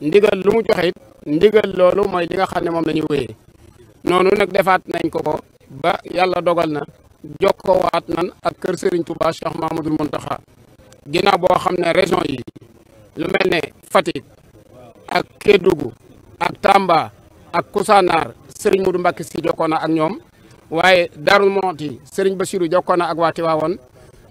ndigal lu mu joxe it ndigal loolu mooy li nga xam ne moom la ñuy wéyee noonu nag defaat nañ ko ko ba yàlla dogal na jokkowaat nan ak kër Serigne Touba Cheikh Mahamadoul Mountakha ginnaaw boo xam ne région yi lu mel ne Fatick ak Kédougou ak Tamba ak Koussanar Serigne Modou Mbacké si jokkoo na ak ñoom waaye Darou Mouhty Serigne Bassirou jokkoo na ak waa Tivaouane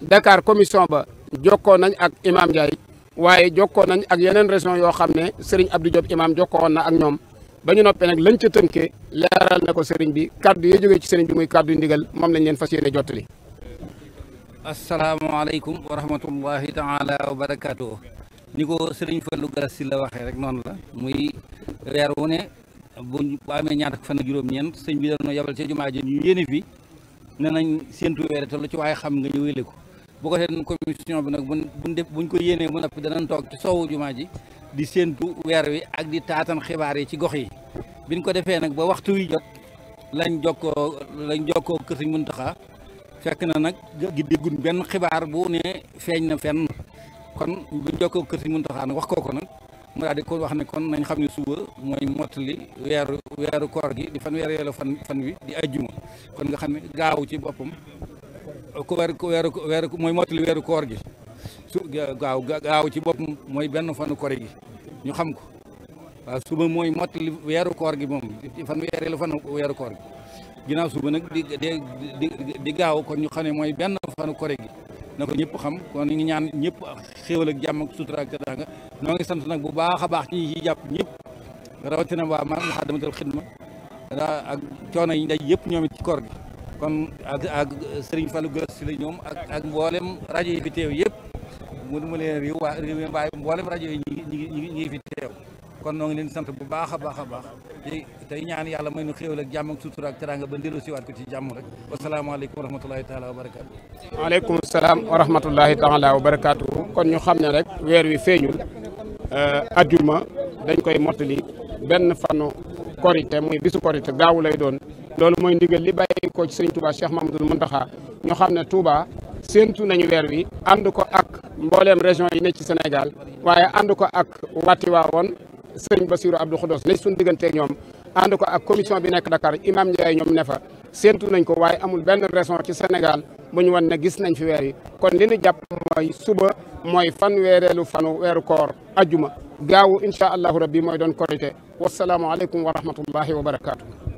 Dakar commission ba jokkoo nañ ak Imam Ndiaye waaye jokkoo nañ ak yeneen région yoo xam ne Serigne Abdou Diop imam jokkoon na ak ñoom ba ñu noppee nag lañ ca leeral na ko sëriñ bi kaddu yee jógee ci Serigne bi muy kaddu ndigal moom lañ leen fas yéene jottali. asalaamaaleykum wa rahmatullahi taala wa barakaatu. ni ko Serigne Fallou Garas si la waxee rek noonu la muy weer wu ne bu amee ñaata fan ak juróom-ñeent sëñ bi dañoo yabal ci jumaa ji ñu yéene fi ne nañ séntu weer te lu ci waaye xam nga ñu ko. bu ko defee commission bi nag buñ buñ def buñ ko yéenee ba noppi dana toog ci soowu jumaa ji di séentu weer wi ak di taatan xibaar yi ci gox yi bi biñ ko defee nag ba waxtu wi jot lañ jokkoo lañ jokkoo kër Sëñ Muntaxa fekk na nag gi déggun benn xibaar bu ne feeñ na fen kon bu jokkoo kër Sëñ Muntaxa nag wax ko ko nag mu daal di ko wax ne kon nañ xam ne suba mooy mottali weeru weeru koor gi di fan weer yooyu fan fan wi di ajjuma kon nga xam ne gaaw ci boppam ku weer ku weeru mooy mottali weeru koor gi su gaaw gaaw ci boppam mooy benn fanu kori gi ñu xam ko waaw suba mooy mottali weeru koor gi moom fan weereelu fan weeru koor gi ginnaaw suba nag di di di gaaw kon ñu xam ne mooy benn fanu kore gi na ko ñëpp xam kon ñu ngi ñaan ñëpp xéwal ak jàmm ak sutura ak teraanga noo ngi sant nag bu baax a baax ci ñi ciy jàpp ñëpp rawatina waa ma Moukhaddamatoul Khidma ak coono yi ñu daj yëpp ñoom it ci koor gi kon ak ak Serigne Fallou Gës si la ñoom ak ak mboolem rajo yi fi teew yëpp mënu ma leen réew waa réew mbaay mboolem rajo yi ñi ngi ñi ngi ñi fi teew kon noo ngi leen sant bu baax a baax a baax te tey ñaan yàlla may nu xéewal ak jàmm ak sutura ak teraanga ba ndelu siwaat ko ci jàmm rek wasalaamaaleykum wa rahmatulahi taala wa barakaatu waaleykum salaam wa rahmatulahi taala wa barakaatu kon ñu xam ne rek weer wi feeñul euh, ajjuma dañ koy mottali benn fanu korite muy bisu korite gaawu lay doon loolu mooy ndigal li bàyyi ko ci sëriñ Touba Cheikh Mamadou Mountakha xam ne Touba séentu nañu weer wi ànd ko ak mbooleem région yi nekk ci Sénégal waaye ànd ko ak wati waa woon sëriñ Bassirou Abdou Khoudoss ne suñu digganteeg ñoom ànd ko ak commission bi nekk Dakar imam Ndiaye ñoom ne fa nañ ko waaye amul benn région ci senegal bu ñu wan ne gis nañ fi weer yi kon li ñu jàpp mooy suba mooy fan weereelu fanu weeru koor ajjuma gaawu incha allahu rabbi mooy doon korite wasalaamu aleykum wa rahmatullahi wa barakaatu.